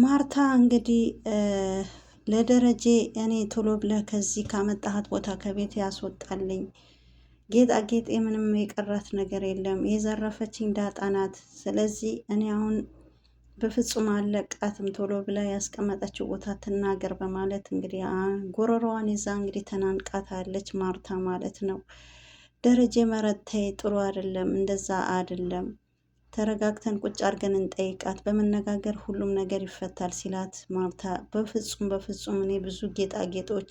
ማርታ እንግዲህ ለደረጀ እኔ ቶሎ ብለህ ከዚህ ካመጣሃት ቦታ ከቤት ያስወጣልኝ። ጌጣጌጥ የምንም የቀራት ነገር የለም የዘረፈችኝ ዳጣ ናት። ስለዚህ እኔ አሁን በፍጹም አለቃትም፣ ቶሎ ብላ ያስቀመጠችው ቦታ ትናገር በማለት እንግዲህ ጎረሮዋን ይዛ እንግዲህ ተናንቃታለች ማርታ ማለት ነው። ደረጀ መረታይ ጥሩ አይደለም፣ እንደዛ አይደለም ተረጋግተን ቁጭ አድርገን እንጠይቃት፣ በመነጋገር ሁሉም ነገር ይፈታል ሲላት ማርታ በፍጹም በፍጹም እኔ ብዙ ጌጣጌጦች፣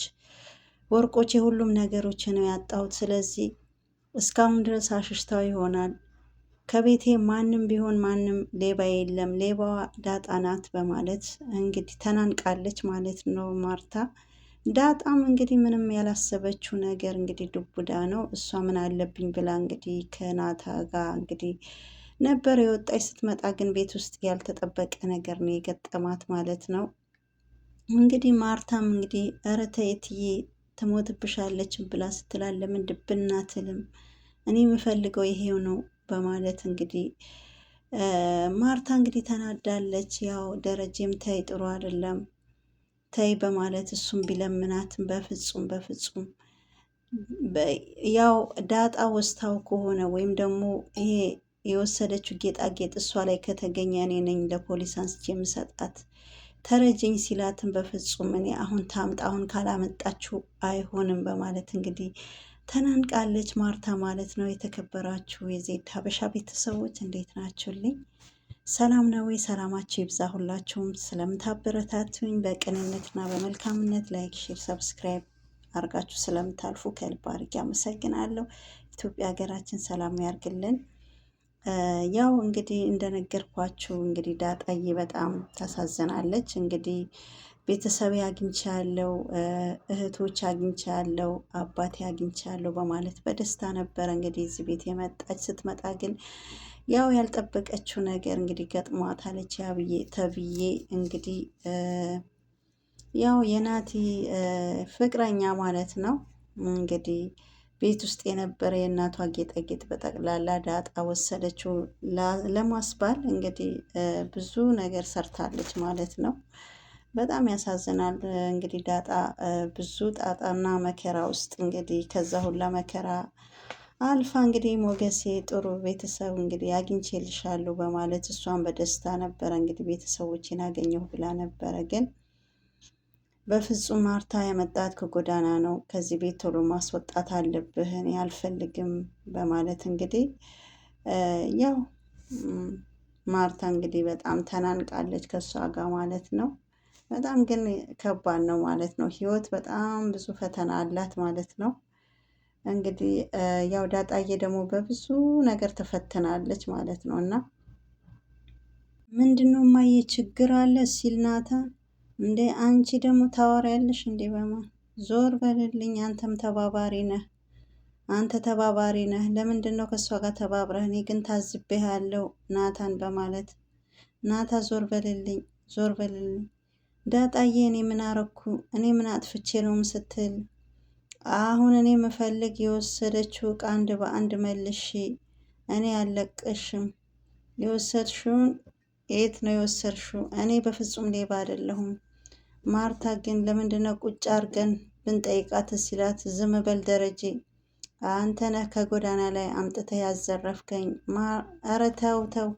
ወርቆች፣ የሁሉም ነገሮች ነው ያጣሁት። ስለዚህ እስካሁን ድረስ አሽሽታው ይሆናል ከቤቴ ማንም ቢሆን ማንም ሌባ የለም፣ ሌባዋ ዳጣ ናት በማለት እንግዲህ ተናንቃለች ማለት ነው ማርታ። ዳጣም እንግዲህ ምንም ያላሰበችው ነገር እንግዲህ ዱብ እዳ ነው። እሷ ምን አለብኝ ብላ እንግዲህ ከናታ ጋር እንግዲህ ነበር የወጣች። ስትመጣ ግን ቤት ውስጥ ያልተጠበቀ ነገር ነው የገጠማት ማለት ነው። እንግዲህ ማርታም እንግዲህ ኧረ ተይትዬ ትሞትብሻለች ብላ ስትላለም ድብናትልም እኔ የምፈልገው ይሄው ነው በማለት እንግዲህ ማርታ እንግዲህ ተናዳለች። ያው ደረጀም ተይ ጥሩ አይደለም ተይ በማለት እሱም ቢለምናትም በፍጹም በፍጹም ያው ዳጣ ወስታው ከሆነ ወይም ደግሞ ይሄ የወሰደችው ጌጣጌጥ እሷ ላይ ከተገኘ እኔ ነኝ ለፖሊስ አንስቼ የምሰጣት ተረጀኝ ሲላትን በፍጹም እኔ አሁን ታምጣ አሁን ካላመጣችው አይሆንም በማለት እንግዲህ ተናንቃለች ማርታ ማለት ነው። የተከበራችሁ የዜድ ሀበሻ ቤተሰቦች እንዴት ናችሁልኝ? ሰላም ነው ወይ? ሰላማችሁ ይብዛ። ሁላችሁም ስለምታበረታቱኝ በቅንነትና በመልካምነት ላይክ፣ ሼር፣ ሰብስክራይብ አርጋችሁ ስለምታልፉ ከልብ አድርጌ አመሰግናለሁ። ኢትዮጵያ ሀገራችን ሰላም ያርግልን። ያው እንግዲህ እንደነገርኳችሁ እንግዲህ ዳጣዬ በጣም ታሳዝናለች። እንግዲህ ቤተሰቤ አግኝቻለሁ፣ እህቶች አግኝቻለሁ፣ አባቴ አግኝቻለሁ በማለት በደስታ ነበረ እንግዲህ እዚህ ቤት የመጣች። ስትመጣ ግን ያው ያልጠበቀችው ነገር እንግዲህ ገጥሟታለች። ያብዬ ተብዬ እንግዲህ ያው የናቲ ፍቅረኛ ማለት ነው እንግዲህ ቤት ውስጥ የነበረ የእናቷ ጌጣጌጥ በጠቅላላ ዳጣ ወሰደችው ለማስባል እንግዲህ ብዙ ነገር ሰርታለች ማለት ነው። በጣም ያሳዝናል። እንግዲህ ዳጣ ብዙ ጣጣና መከራ ውስጥ እንግዲህ ከዛ ሁላ መከራ አልፋ እንግዲህ ሞገሴ ጥሩ ቤተሰብ እንግዲህ አግኝቼልሻለሁ በማለት እሷን በደስታ ነበረ እንግዲህ ቤተሰቦችን አገኘሁ ብላ ነበረ ግን በፍጹም ማርታ የመጣት ከጎዳና ነው። ከዚህ ቤት ቶሎ ማስወጣት አለብህ፣ እኔ አልፈልግም በማለት እንግዲህ ያው ማርታ እንግዲህ በጣም ተናንቃለች ከእሷ ጋር ማለት ነው። በጣም ግን ከባድ ነው ማለት ነው። ህይወት በጣም ብዙ ፈተና አላት ማለት ነው። እንግዲህ ያው ዳጣዬ ደግሞ በብዙ ነገር ተፈትናለች ማለት ነው። እና ምንድነው ማየ ችግር አለ ሲል እንዴ አንቺ ደግሞ ታወሪያለሽ እንዴ? በማን ዞር በልልኝ። አንተም ተባባሪ ነህ። አንተ ተባባሪ ነህ። ለምንድን ነው ከእሷ ጋር ተባብረህ? እኔ ግን ታዝቤሃለሁ ናታን በማለት ናታ ዞር በልልኝ፣ ዞር በልልኝ ዳጣዬ፣ እኔ ምን አረኩ? እኔ ምን አጥፍቼ ነው ስትል አሁን እኔ ምፈልግ የወሰደችው እቃ አንድ በአንድ መልሽ እኔ አልለቅሽም። የወሰድሽውን የት ነው የወሰድሽው? እኔ በፍጹም ሌባ አይደለሁም። ማርታ ግን ለምንድነው ቁጭ አርገን ብንጠይቃት ሲላት ዝም በል ደረጀ አንተ ነህ ከጎዳና ላይ አምጥተህ ያዘረፍከኝ። ኧረ ተው ተው፣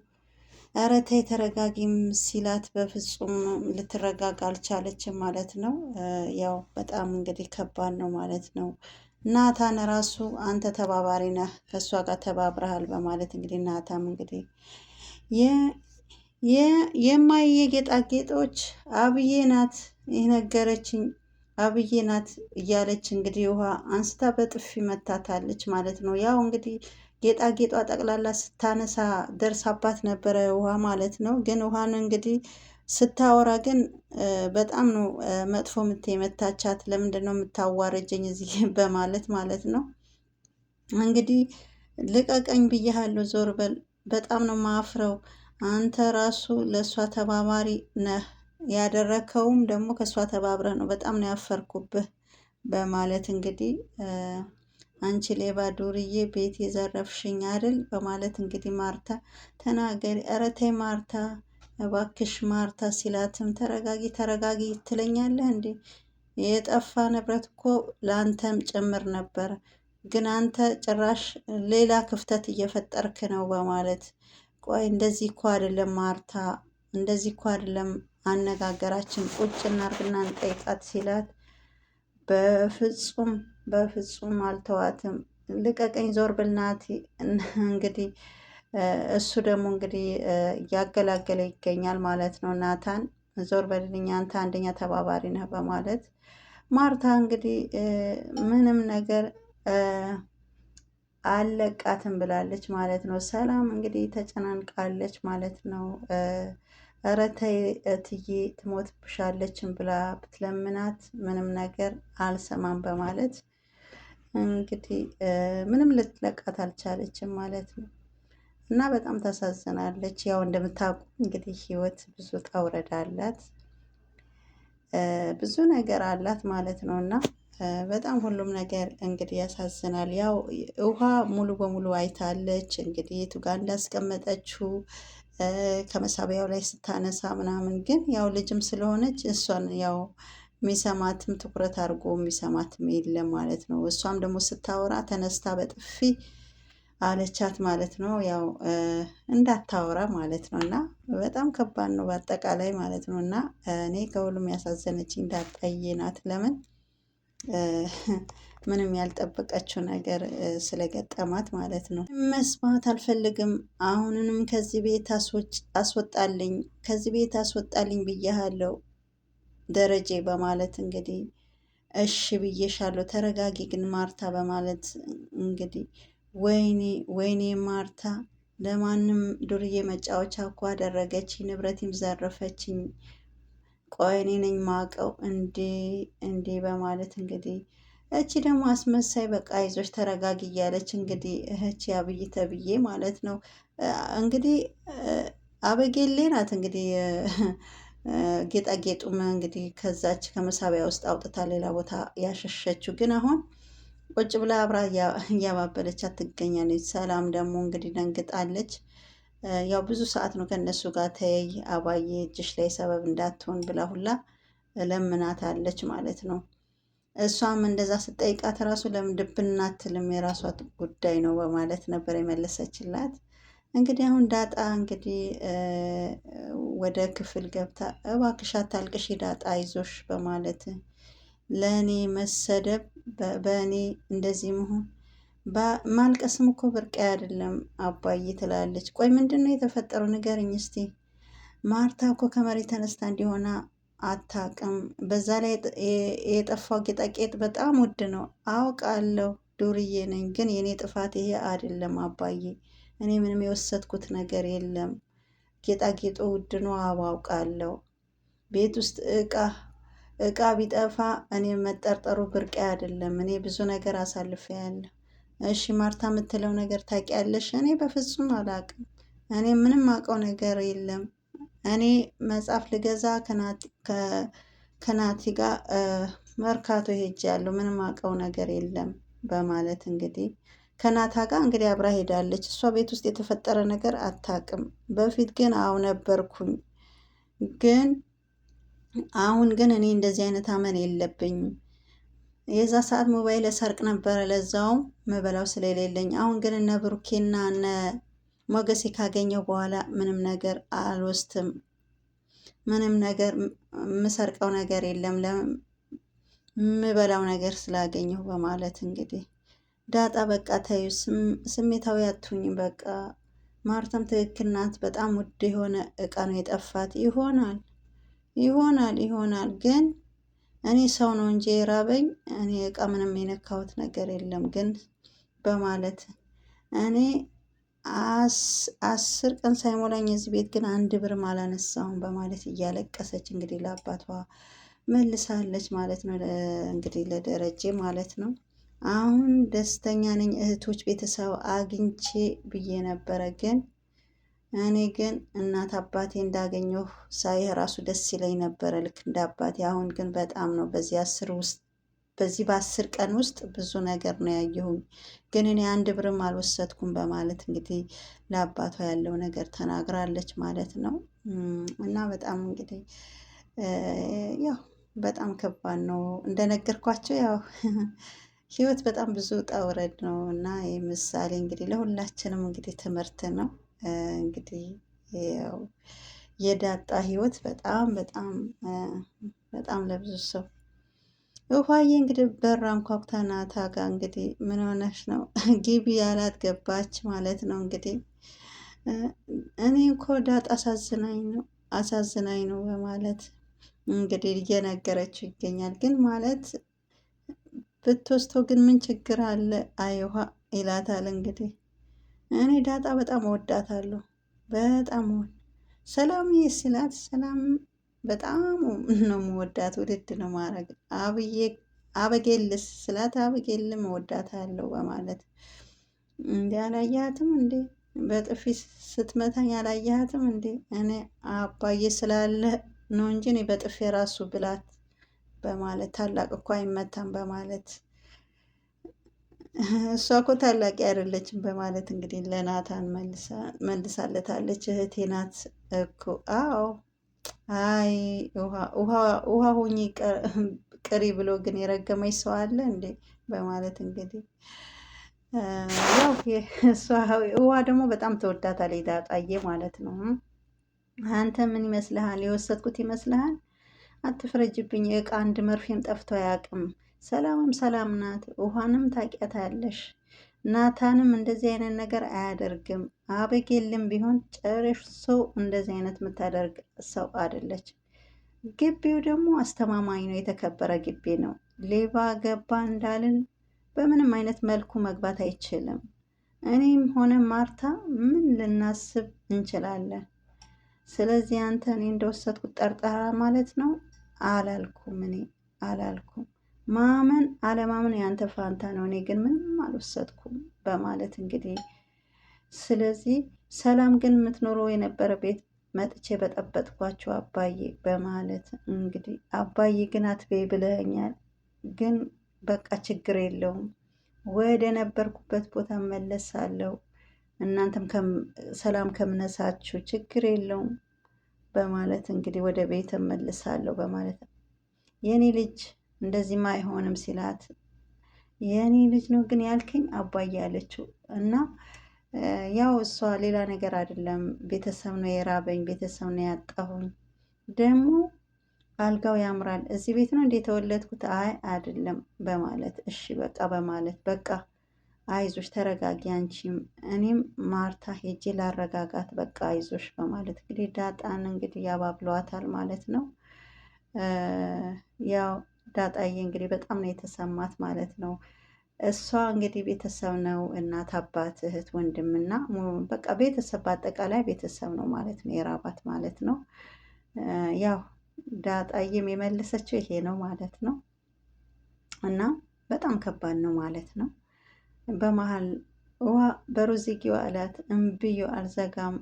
ኧረ ተይ ተረጋጊም ሲላት በፍጹም ልትረጋጋ አልቻለችም ማለት ነው። ያው በጣም እንግዲህ ከባድ ነው ማለት ነው። ናታን ራሱ አንተ ተባባሪ ነህ ከእሷ ጋር ተባብረሃል በማለት እንግዲህ ናታም እንግዲህ የማየ ጌጣጌጦች አብዬ ናት የነገረችኝ አብዬ ናት እያለች እንግዲህ ውሃ አንስታ በጥፊ መታታለች ማለት ነው። ያው እንግዲህ ጌጣጌጧ ጠቅላላ ስታነሳ ደርሳባት ነበረ ውሃ ማለት ነው። ግን ውሃን እንግዲህ ስታወራ ግን በጣም ነው መጥፎ ምት የመታቻት። ለምንድን ነው የምታዋረጀኝ እዚህ በማለት ማለት ነው። እንግዲህ ልቀቀኝ ብያሃለሁ፣ ዞር በል፣ በጣም ነው ማፍረው፣ አንተ ራሱ ለእሷ ተባባሪ ነህ ያደረከውም ደግሞ ከእሷ ተባብረ ነው፣ በጣም ነው ያፈርኩብህ በማለት እንግዲህ አንቺ ሌባ ዱርዬ ቤት የዘረፍሽኝ አይደል በማለት እንግዲህ ማርታ ተናገሪ፣ ኧረ ተይ ማርታ እባክሽ ማርታ ሲላትም ተረጋጊ ተረጋጊ ትለኛለህ እንዴ? የጠፋ ንብረት እኮ ለአንተም ጭምር ነበር ግን አንተ ጭራሽ ሌላ ክፍተት እየፈጠርክ ነው በማለት ቆይ እንደዚህ እኮ አይደለም ማርታ እንደዚህ እኮ አይደለም አነጋገራችን ቁጭ እናርግና እንጠይቃት ሲላት በፍጹም በፍጹም አልተዋትም። ልቀቀኝ፣ ዞር ብልናት። እንግዲህ እሱ ደግሞ እንግዲህ እያገላገለ ይገኛል ማለት ነው። ናታን ዞር በልልኝ አንተ አንደኛ ተባባሪ ነህ በማለት ማርታ እንግዲህ ምንም ነገር አለቃትም ብላለች ማለት ነው። ሰላም እንግዲህ ተጨናንቃለች ማለት ነው። ኧረ ተይ እትዬ ትሞትብሻለችን ብላ ብትለምናት ምንም ነገር አልሰማም በማለት እንግዲህ ምንም ልትለቃት አልቻለችም ማለት ነው። እና በጣም ታሳዝናለች። ያው እንደምታውቁ እንግዲህ ህይወት ብዙ ጣውረድ አላት፣ ብዙ ነገር አላት ማለት ነው። እና በጣም ሁሉም ነገር እንግዲህ ያሳዝናል። ያው ውሃ ሙሉ በሙሉ አይታለች እንግዲህ ቱጋ እንዳስቀመጠችው ከመሳቢያው ላይ ስታነሳ ምናምን ግን ያው ልጅም ስለሆነች እሷን ያው የሚሰማትም ትኩረት አድርጎ የሚሰማትም የለም ማለት ነው። እሷም ደግሞ ስታወራ ተነስታ በጥፊ አለቻት ማለት ነው። ያው እንዳታወራ ማለት ነው። እና በጣም ከባድ ነው በአጠቃላይ ማለት ነው። እና እኔ ከሁሉም ያሳዘነችኝ ዳጣዬ ናት። ለምን ምንም ያልጠበቀችው ነገር ስለገጠማት ማለት ነው። መስማት አልፈልግም፣ አሁንንም ከዚህ ቤት አስወጣልኝ፣ ከዚህ ቤት አስወጣልኝ ብያሃለው ደረጀ በማለት እንግዲህ እሺ ብዬሻለሁ፣ ተረጋጊ ግን ማርታ በማለት እንግዲህ ወይኔ ወይኔ ማርታ ለማንም ዱርዬ መጫወቻ እኮ አደረገችኝ፣ ንብረቴም ዘረፈችኝ፣ ቆይኔ ነኝ ማቀው እንዴ እንዴ በማለት እንግዲህ እቺ ደግሞ አስመሳይ በቃ አይዞች ተረጋጊ እያለች እንግዲህ እህቺ አብይ ተብዬ ማለት ነው እንግዲህ አበጌሌ ናት እንግዲህ ጌጣጌጡም እንግዲህ ከዛች ከመሳቢያ ውስጥ አውጥታ ሌላ ቦታ ያሸሸችው ግን አሁን ቁጭ ብላ አብራ እያባበለች ትገኛለች። ሰላም ደግሞ እንግዲህ ደንግጣለች። ያው ብዙ ሰዓት ነው ከእነሱ ጋር ተይ አባዬ እጅሽ ላይ ሰበብ እንዳትሆን ብላ ሁላ ለምናታለች ማለት ነው። እሷም እንደዛ ስጠይቃት ራሱ ለምን ድብን አትልም የራሷ ጉዳይ ነው በማለት ነበር የመለሰችላት። እንግዲህ አሁን ዳጣ እንግዲህ ወደ ክፍል ገብታ እባክሽ አታልቅሽ ዳጣ አይዞሽ በማለት ለእኔ መሰደብ በእኔ እንደዚህ መሆን ማልቀስም እኮ ብርቅ አይደለም አባዬ ትላለች። ቆይ ምንድን ነው የተፈጠረው ነገር እስቲ። ማርታ እኮ ከመሬት ተነስታ እንዲሆና አታውቅም። በዛ ላይ የጠፋው ጌጣጌጥ በጣም ውድ ነው አውቃለሁ። ዱርዬ ነኝ። ግን የእኔ ጥፋት ይሄ አይደለም አባዬ፣ እኔ ምንም የወሰድኩት ነገር የለም። ጌጣጌጡ ውድ ነው አውቃለሁ። ቤት ውስጥ እቃ እቃ ቢጠፋ እኔ መጠርጠሩ ብርቅ አይደለም። እኔ ብዙ ነገር አሳልፌያለሁ። እሺ ማርታ የምትለው ነገር ታውቂያለሽ? እኔ በፍጹም አላውቅም። እኔ ምንም አውቀው ነገር የለም። እኔ መጽሐፍ ልገዛ ከናቲ ጋር መርካቶ ሄጃለሁ ምንም አውቀው ነገር የለም በማለት እንግዲህ ከናታ ጋር እንግዲህ አብራ ሄዳለች። እሷ ቤት ውስጥ የተፈጠረ ነገር አታውቅም። በፊት ግን አው ነበርኩኝ ግን አሁን ግን እኔ እንደዚህ አይነት አመን የለብኝም። የዛ ሰዓት ሞባይል ሰርቅ ነበረ፣ ለዛውም መበላው ስለሌለኝ። አሁን ግን እነ ብሩኬና እነ ሞገሴ ካገኘው በኋላ ምንም ነገር አልወስትም፣ ምንም ነገር የምሰርቀው ነገር የለም የምበላው ነገር ስላገኘው በማለት እንግዲህ ዳጣ በቃ ተዩ፣ ስሜታዊ አትሁኝ፣ በቃ ማርታም ትክክል ናት። በጣም ውድ የሆነ እቃ ነው የጠፋት። ይሆናል ይሆናል ይሆናል ግን እኔ ሰው ነው እንጂ የራበኝ እኔ እቃ ምንም የነካሁት ነገር የለም ግን በማለት እኔ አስር ቀን ሳይሞላኝ እዚህ ቤት ግን አንድ ብርም አላነሳሁም በማለት እያለቀሰች እንግዲህ ለአባቷ መልሳለች ማለት ነው። እንግዲህ ለደረጀ ማለት ነው። አሁን ደስተኛ ነኝ እህቶች፣ ቤተሰብ አግኝቼ ብዬ ነበረ። ግን እኔ ግን እናት አባቴ እንዳገኘሁ ሳይህ ራሱ ደስ ይለኝ ነበረ ልክ እንደ አባቴ። አሁን ግን በጣም ነው በዚህ አስር ውስጥ በዚህ በአስር ቀን ውስጥ ብዙ ነገር ነው ያየሁኝ፣ ግን እኔ አንድ ብርም አልወሰድኩም በማለት እንግዲህ ለአባቷ ያለው ነገር ተናግራለች ማለት ነው። እና በጣም እንግዲህ ያው በጣም ከባድ ነው እንደነገርኳቸው ያው ህይወት በጣም ብዙ ውጣ ውረድ ነው እና ይህ ምሳሌ እንግዲህ ለሁላችንም እንግዲህ ትምህርት ነው። እንግዲህ የዳጣ ህይወት በጣም በጣም በጣም ለብዙ ሰው ውሃዬ እንግዲህ በራ አንኳኩታ ናታ ጋ እንግዲህ ምን ሆነሽ ነው ግቢ ያላት ገባች ማለት ነው። እንግዲህ እኔ እኮ ዳጣ አሳዝናኝ ነው አሳዝናኝ ነው በማለት እንግዲህ እየነገረችው ይገኛል። ግን ማለት ብትወስተው ግን ምን ችግር አለ አይውሃ ይላታል። እንግዲህ እኔ ዳጣ በጣም ወዳታለሁ በጣም ሰላም ይስላት ሰላም በጣም ነው መወዳት ውድድ ነው ማድረግ አበጌልስ ስላት መወዳት እወዳታለሁ በማለት እንዴ አላያትም እንዴ በጥፊ ስትመታኝ አላያትም እንዴ እኔ አባዬ ስላለ ነው እንጂ እኔ በጥፊ ራሱ ብላት በማለት ታላቅ እኮ አይመታም በማለት እሷ እኮ ታላቅ አይደለችም በማለት እንግዲህ ለናታን መልሳለታለች። እህቴ ናት እኮ አዎ አይ ውሃ ሁኚ ቅሪ ብሎ ግን የረገመች ሰው አለ እንዴ? በማለት እንግዲህ ያው ውሃ ደግሞ በጣም ተወዳታለች ዳጣዬ ማለት ነው። አንተ ምን ይመስልሃል? የወሰድኩት ይመስልሃል? አትፍረጅብኝ። እቃ አንድ መርፌም ጠፍቶ አያውቅም። ሰላምም ሰላም ናት። ውሃንም ታውቂያታለሽ ናታንም እንደዚህ አይነት ነገር አያደርግም። አበጌልም ቢሆን ሰው እንደዚህ አይነት የምታደርግ ሰው አይደለች። ግቢው ደግሞ አስተማማኝ ነው፣ የተከበረ ግቢ ነው። ሌባ ገባ እንዳልን በምንም አይነት መልኩ መግባት አይችልም። እኔም ሆነ ማርታ ምን ልናስብ እንችላለን? ስለዚህ አንተ እኔ እንደወሰድኩት ጠርጠራ ማለት ነው አላልኩም። እኔ አላልኩም ማመን አለማመን ያንተ ፋንታ ነው፣ እኔ ግን ምንም አልወሰድኩም በማለት እንግዲህ ስለዚህ ሰላም ግን የምትኖረው የነበረ ቤት መጥቼ በጠበጥኳቸው አባዬ በማለት እንግዲህ አባዬ ግን አትቤ ብለኛል ግን በቃ ችግር የለውም ወደ ነበርኩበት ቦታ መለሳለሁ፣ እናንተም ሰላም ከምነሳችሁ ችግር የለውም በማለት እንግዲህ ወደ ቤት መልሳለሁ በማለት የኔ ልጅ እንደዚህማ አይሆንም ሲላት የእኔ ልጅ ነው ግን ያልከኝ አባዬ አለችው እና ያው እሷ ሌላ ነገር አይደለም፣ ቤተሰብ ነው የራበኝ፣ ቤተሰብ ነው ያጣሁኝ። ደግሞ አልጋው ያምራል፣ እዚህ ቤት ነው እንዴ የተወለድኩት? አይ አይደለም በማለት እሺ በቃ በማለት በቃ አይዞሽ፣ ተረጋጊ፣ አንቺም እኔም ማርታ ሄጄ ላረጋጋት፣ በቃ አይዞሽ በማለት እንግዲህ ዳጣን እንግዲህ ያባብለዋታል ማለት ነው ያው ዳጣዬ እንግዲህ በጣም ነው የተሰማት ማለት ነው። እሷ እንግዲህ ቤተሰብ ነው እናት፣ አባት፣ እህት፣ ወንድምና በቃ ቤተሰብ በአጠቃላይ ቤተሰብ ነው ማለት ነው የራባት ማለት ነው። ያው ዳጣዬም የመለሰችው ይሄ ነው ማለት ነው እና በጣም ከባድ ነው ማለት ነው። በመሀል ውሃ በሩዚጊዋ ዋዕላት እምብዮ አልዘጋም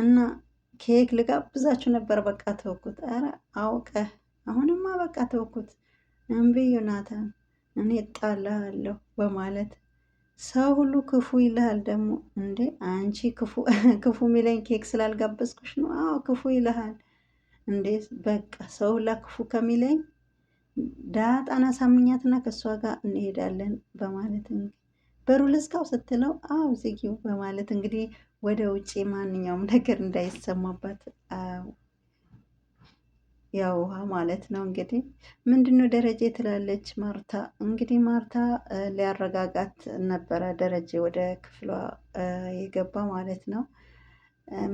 እና ኬክ ልጋብዛችሁ ነበር በቃ ተወኩት። ኧረ አውቀህ አሁንማ በቃ ተውኩት እምቢ ዮናታን፣ እኔ እጣልሃለሁ በማለት ሰው ሁሉ ክፉ ይልሃል። ደግሞ እንዴ አንቺ ክፉ ክፉ ሚለኝ ኬክ ስላልጋበዝኩሽ ነው? አዎ ክፉ ይልሃል። እንዴ በቃ ሰው ሁላ ክፉ ከሚለኝ ዳጣና ሳምኛትና ከእሷ ጋር እንሄዳለን በማለት እንግዲህ በሩ ልዝጋው ስትለው አው ዝጊው በማለት እንግዲህ ወደ ውጭ ማንኛውም ነገር እንዳይሰማባት ያው ውሃ ማለት ነው እንግዲህ ምንድነው ደረጀ ትላለች ማርታ። እንግዲህ ማርታ ሊያረጋጋት ነበረ ደረጀ ወደ ክፍሏ የገባ ማለት ነው።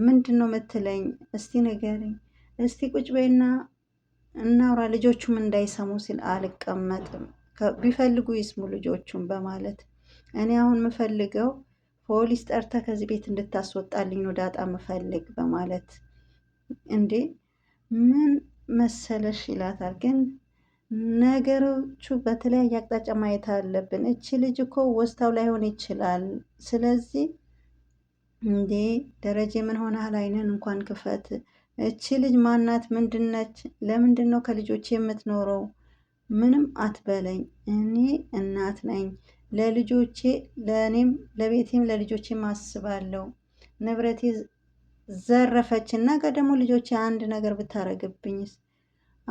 ምንድነው ምትለኝ? እስቲ ንገሪኝ፣ እስቲ ቁጭ በይና እናውራ፣ ልጆቹም እንዳይሰሙ ሲል አልቀመጥም፣ ቢፈልጉ ይስሙ ልጆቹም በማለት እኔ አሁን ምፈልገው ፖሊስ ጠርተ ከዚህ ቤት እንድታስወጣልኝ ነው ዳጣ ምፈልግ በማለት እንዴ ምን መሰለሽ ይላታል። ግን ነገሮቹ በተለያየ አቅጣጫ ማየት አለብን። እቺ ልጅ እኮ ወስታው ላይሆን ይችላል። ስለዚህ እንዴ ደረጀ ምን ሆነሃል? አይነን እንኳን ክፈት። እቺ ልጅ ማናት? ምንድነች? ለምንድን ነው ከልጆች የምትኖረው? ምንም አትበለኝ። እኔ እናት ነኝ። ለልጆቼ ለእኔም ለቤቴም ለልጆቼም አስባለሁ። ንብረቴ ዘረፈች። ነገ ደግሞ ልጆች አንድ ነገር ብታረግብኝስ?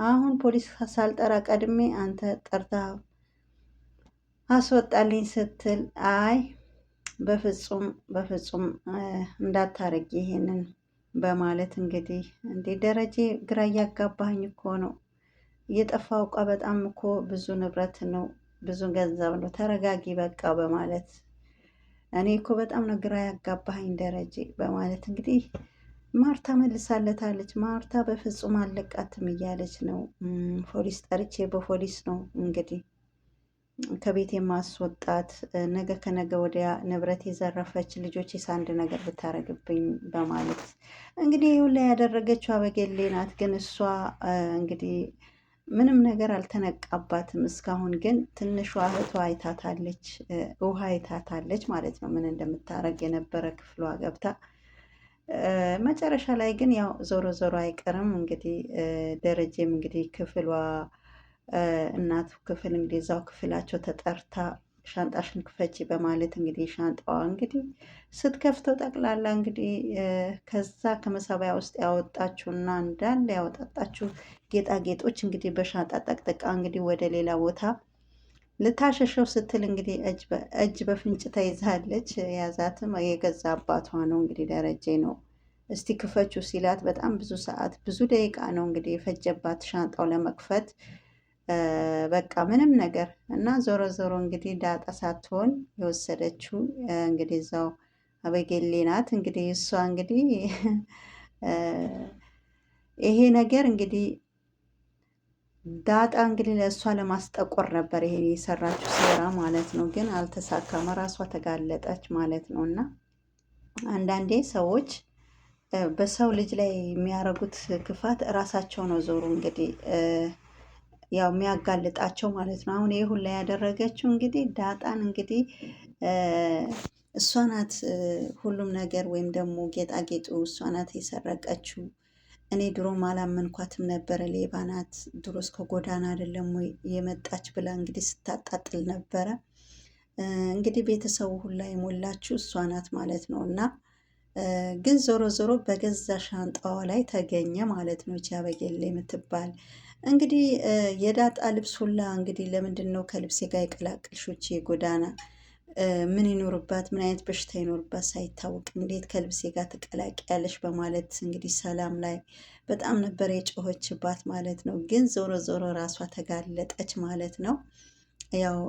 አሁን ፖሊስ ሳልጠራ ቀድሜ አንተ ጠርታ አስወጣልኝ ስትል አይ በፍጹም በፍጹም እንዳታረጊ ይሄንን በማለት እንግዲህ እንዴ ደረጀ ግራ እያጋባኝ እኮ ነው የጠፋው እቃ በጣም እኮ ብዙ ንብረት ነው ብዙ ገንዘብ ነው ተረጋጊ በቃ በማለት እኔ እኮ በጣም ነው ግራ ያጋባኝ ደረጀ በማለት እንግዲህ ማርታ መልሳለታለች። ማርታ በፍጹም አለቃትም እያለች ነው። ፖሊስ ጠርቼ በፖሊስ ነው እንግዲህ ከቤት የማስወጣት ነገ ከነገ ወዲያ ንብረት የዘረፈች ልጆች የሳንድ ነገር ብታረግብኝ በማለት እንግዲህ ይሁን ላይ ያደረገችው አበጌሌ ናት። ግን እሷ እንግዲህ ምንም ነገር አልተነቃባትም። እስካሁን ግን ትንሿ እህቷ አይታታለች፣ ውሃ አይታታለች ማለት ነው። ምን እንደምታረግ የነበረ ክፍሏ ገብታ መጨረሻ ላይ ግን ያው ዞሮ ዞሮ አይቀርም እንግዲህ ደረጀም እንግዲህ ክፍሏ እናቱ ክፍል እንግዲህ እዛው ክፍላቸው ተጠርታ ሻንጣሽን ክፈቺ በማለት እንግዲህ ሻንጣዋ እንግዲህ ስትከፍተው ጠቅላላ እንግዲህ ከዛ ከመሳቢያ ውስጥ ያወጣችሁና እንዳለ ያወጣጣችሁ ጌጣጌጦች እንግዲህ በሻንጣ ጠቅጥቃ እንግዲህ ወደ ሌላ ቦታ ልታሸሸው ስትል እንግዲህ እጅ በፍንጭ ተይዛለች። የያዛትም የገዛ አባቷ ነው እንግዲህ ደረጀ ነው። እስቲ ክፈቹ ሲላት በጣም ብዙ ሰዓት ብዙ ደቂቃ ነው እንግዲህ የፈጀባት ሻንጣው ለመክፈት በቃ ምንም ነገር እና ዞሮ ዞሮ እንግዲህ ዳጣ ሳትሆን የወሰደችው እንግዲህ እዛው አበጌሌ ናት። እንግዲህ እሷ እንግዲህ ይሄ ነገር እንግዲህ ዳጣ እንግዲህ ለእሷ ለማስጠቆር ነበር ይሄ የሰራችው ሴራ ማለት ነው። ግን አልተሳካም፣ ራሷ ተጋለጠች ማለት ነው። እና አንዳንዴ ሰዎች በሰው ልጅ ላይ የሚያደርጉት ክፋት እራሳቸው ነው ዞሩ እንግዲህ ያው የሚያጋልጣቸው ማለት ነው። አሁን ይህ ሁላ ያደረገችው እንግዲህ ዳጣን እንግዲህ እሷ ናት ሁሉም ነገር ወይም ደግሞ ጌጣጌጡ እሷ ናት የሰረቀችው። እኔ ድሮ አላመንኳትም ነበረ፣ ሌባ ናት ድሮ እስከ ጎዳና አይደለም የመጣች ብላ እንግዲህ ስታጣጥል ነበረ። እንግዲህ ቤተሰቡ ሁላ የሞላችው እሷ ናት ማለት ነው። እና ግን ዞሮ ዞሮ በገዛ ሻንጣዋ ላይ ተገኘ ማለት ነው። ቻበጌሌ የምትባል እንግዲህ የዳጣ ልብስ ሁላ እንግዲህ ለምንድን ነው ከልብሴ ጋር የቀላቀልሽ? የጎዳና ጎዳና ምን ይኖርባት ምን አይነት በሽታ ይኖርባት ሳይታወቅ እንዴት ከልብሴ ጋር ያለች በማለት እንግዲህ ሰላም ላይ በጣም ነበር የጮኸችባት ማለት ነው። ግን ዞሮ ዞሮ ራሷ ተጋለጠች ማለት ነው። ያው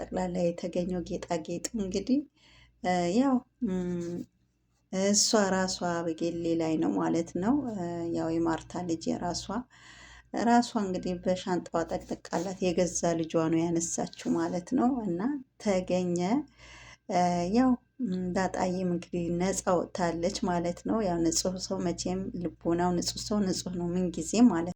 ጠቅላላ የተገኘው ጌጣጌጡ እንግዲህ ያው እሷ ራሷ አበጌሌ ላይ ነው ማለት ነው። ያው የማርታ ልጅ የራሷ ራሷ እንግዲህ በሻንጣዋ ጠቅጥቃላት የገዛ ልጇ ነው ያነሳችው ማለት ነው። እና ተገኘ ያው ዳጣዬም እንግዲህ ነፃ ወጥታለች ማለት ነው። ያው ንጹህ ሰው መቼም ልቦናው ንጹህ ሰው ንጹህ ነው ምንጊዜም ማለት ነው።